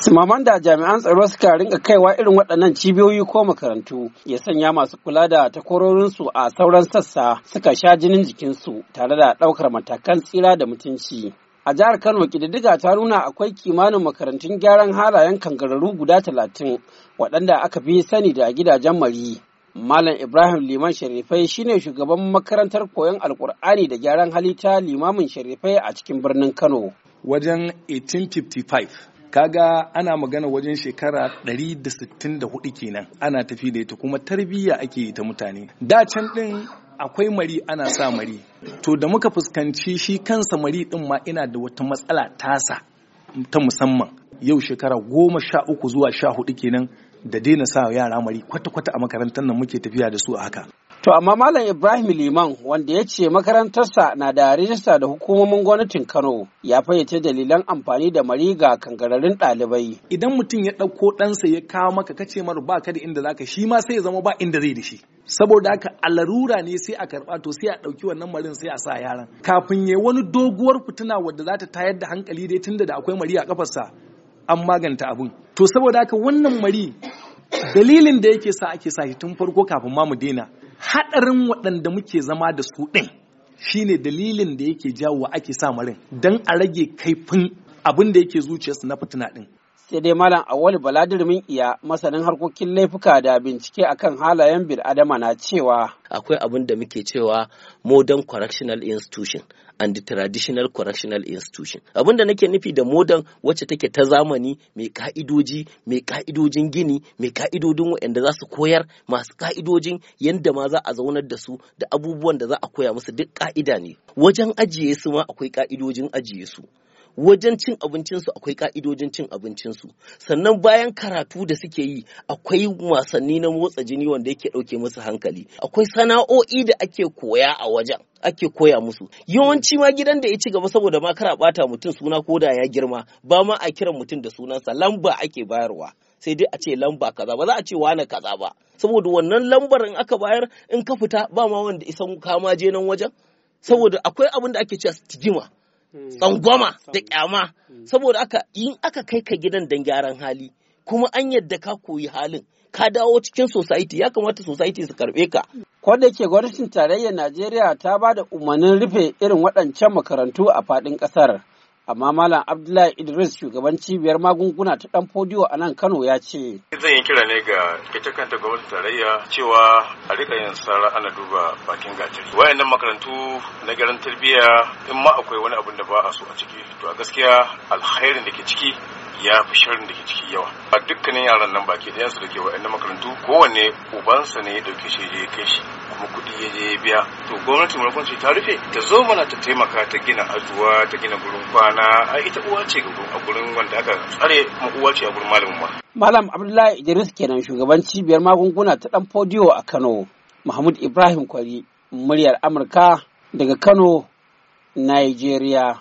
Simaman da jami'an tsaro suka ringa kaiwa irin waɗannan cibiyoyi ko makarantu ya sanya masu kula da takwarorinsu a sauran sassa suka sha jinin jikinsu tare da ɗaukar matakan tsira da mutunci. A jihar Kano ƙididdiga ta nuna akwai kimanin makarantun gyaran halayen kangararru guda talatin waɗanda aka fi sani da gidajen mari. Malam Ibrahim Liman Sharifai shine shugaban makarantar koyon Alƙur'ani da gyaran halitta limamin Sharifai a cikin birnin Kano. Wajen 1855 kaga ana magana wajen shekara 164 kenan ana tafi da ita kuma tarbiyya ake yi ta mutane da can din akwai mari ana sa mari to da muka fuskanci shi kansa mari din ma ina da wata matsala tasa ta musamman yau shekara goma sha uku zuwa sha hudu kenan da daina sa yara mari kwata-kwata a makarantar nan muke tafiya da su a haka To amma Malam Ibrahim Liman wanda ya ce makarantarsa na da rijista da hukumomin gwamnatin Kano ya fayyace dalilan amfani da mari ga kangararin ɗalibai. Idan mutum ya ɗauko ɗansa ya kawo maka kace mara ba ka da inda zaka shi ma sai ya zama ba inda zai da shi. Saboda haka alarura ne sai a karɓa to sai a ɗauki wannan marin sai a sa yaran. Kafin ya wani doguwar fituna wadda za ta tayar da hankali dai tunda da akwai mari a kafarsa an maganta abun. To saboda haka wannan mari dalilin da yake sa ake sa shi tun farko kafin ma mu daina haɗarin waɗanda muke zama da su ɗin shine dalilin da yake jawo ake sa rin don a rage kaifin abin da yake zuciyarsu na fitina ɗin sai dai malam awali baladirmin iya masanin harkokin laifuka da bincike akan halayen bil adama na cewa akwai abin da muke cewa modern correctional institution and the traditional correctional institution abin da nake nufi da modern wacce take ta zamani mai ka'idoji mai ka'idojin gini mai ka'idodin waɗanda za su koyar masu ka'idojin yadda ma za a zaunar da su da abubuwan da za a koya musu duk ka'ida ne wajen ajiye su ma akwai ka'idojin ajiye su wajen cin abincinsu akwai ka'idojin cin abincinsu sannan bayan karatu da suke yi akwai wasanni na motsa jini wanda yake ɗauke musu hankali akwai sana'o'i da ake koya a wajen ake koya musu yawanci ma gidan da ya ci gaba saboda ma kara bata mutum suna ko da ya girma ba ma a kiran mutum da sunansa lamba ake bayarwa sai dai a ce lamba kaza ba za a ce wane kaza ba saboda wannan lambar in aka bayar in ka fita ba ma wanda isan kama je nan wajen saboda akwai abin da ake cewa stigma Mm. tsangwama da kyama mm. saboda aka in aka kai ka gidan dan gyaran hali kuma an yadda ka koyi halin ka dawo cikin society ya kamata society su karbe ka ko da yake gwamnatin tarayyar Najeriya ta ba da umarnin rufe irin waɗancan makarantu a faɗin ƙasar amma malam abdullahi idris shugaban cibiyar magunguna ta dan fodiyo a nan kano ya ce zan yi kira ne ga ita kanta gwamnati tarayya cewa a rika yin sara ana duba bakin gatari wayannan makarantu na garin tarbiyya in ma akwai wani abin da ba a so a ciki to a gaskiya alkhairin da ke ciki ya fi shirin da ke ciki yawa a dukkanin yaran nan baki da yansu da ke wa'annan makarantu kowanne ubansa ne ya dauke shi ya kai shi kuma kuɗi ya je biya to gwamnati maimakon ce ta rufe ta zo mana ta taimaka ta gina ajuwa ta gina gurin kwana a ita uwa ce a gurin wanda aka tsare kuma uwa ce a gurin malamin ba malam abdullahi idris kenan shugaban cibiyar magunguna ta dan podiyo a kano mahmud ibrahim kwari muryar amurka daga kano nigeria